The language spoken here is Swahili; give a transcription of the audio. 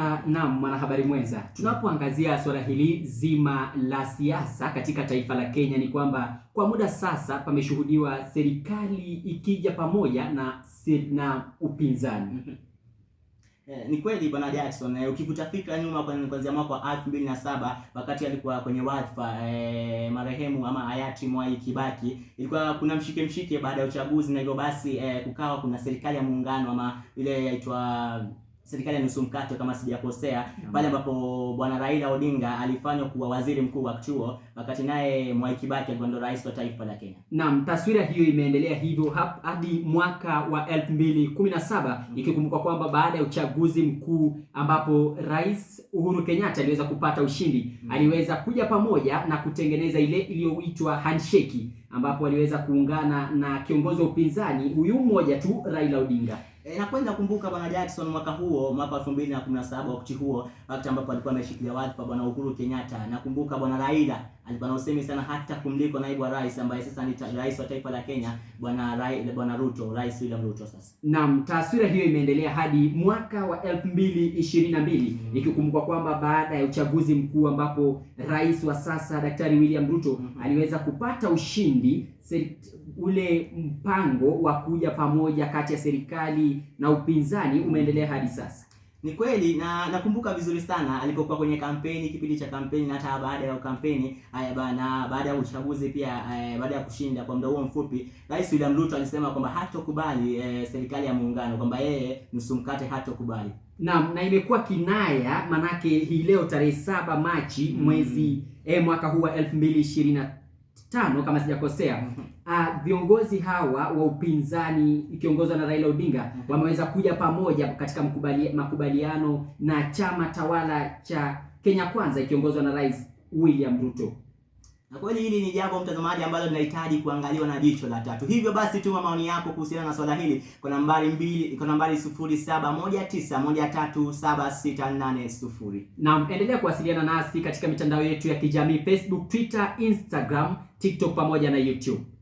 Uh, naam mwanahabari mwenza, tunapoangazia suala hili zima la siasa katika taifa la Kenya ni kwamba kwa muda sasa pameshuhudiwa serikali ikija pamoja na na upinzani. Yeah, mm-hmm. ni kweli bwana Jackson eh, ukivuta fikra nyuma kuanzia mwaka wa 2007 wakati alikuwa kwenye wadhifa eh, marehemu ama hayati Mwai Kibaki, ilikuwa kuna mshike mshike baada ya uchaguzi, na hivyo basi eh, kukawa kuna serikali ya muungano ama ile yaitwa serikali ya nusu mkato kama sijakosea, pale ambapo bwana Raila Odinga alifanywa kuwa waziri mkuu wa chuo, wakati naye Mwai Kibaki alikuwa ndo rais wa taifa la Kenya. Naam, taswira hiyo imeendelea hivyo hadi mwaka wa 2017 mm-hmm. ikikumbukwa kwamba baada ya uchaguzi mkuu ambapo rais Uhuru Kenyatta aliweza kupata ushindi, mm-hmm. aliweza kuja pamoja na kutengeneza ile iliyoitwa handshake ambapo waliweza kuungana na kiongozi wa upinzani huyu mmoja tu Raila Odinga. E, eh, nakwenda kumbuka bwana Jackson mwaka huo mwaka 2017 wakati huo wakati ambapo alikuwa ameshikilia wadhifa bwana Uhuru Kenyatta. Nakumbuka bwana Raila alikuwa eh, usemi sana hata kumliko naibu wa rais ambaye sasa ni rais wa taifa la Kenya bwana rai, bwana Ruto, rais William Ruto. Sasa naam, taswira hiyo imeendelea hadi mwaka wa 2022 mm, ikikumbukwa kwamba baada ya uchaguzi mkuu ambapo rais wa sasa Daktari William Ruto mm aliweza kupata ushindi ule mpango wa kuja pamoja kati ya serikali na upinzani umeendelea hadi sasa. Ni kweli na nakumbuka vizuri sana alipokuwa kwenye kampeni, kipindi cha kampeni na hata baada ya kampeni haya bana, baada ya uchaguzi pia e, baada ya kushinda kwa muda huo mfupi, Rais William Ruto alisema kwamba hatokubali eh, serikali ya muungano, kwamba yeye nusu mkate hatokubali. Naam, na imekuwa kinaya, manake hii leo tarehe saba Machi mwezi mm, eh, mwaka huu wa 2025 tano kama sijakosea, mhm. ah, viongozi hawa wa upinzani ikiongozwa na Raila Odinga mhm. wameweza kuja pamoja katika mkubali, makubaliano na chama tawala cha Kenya Kwanza ikiongozwa na Rais William Ruto. Na kweli hili ni jambo mtazamaji, ambalo linahitaji kuangaliwa na jicho la tatu. Hivyo basi, tuma maoni yako kuhusiana na swala hili kwa nambari mbili, kwa nambari 0719137680. Naam, endelea kuwasiliana nasi katika mitandao yetu ya kijamii Facebook, Twitter, Instagram, TikTok pamoja na YouTube.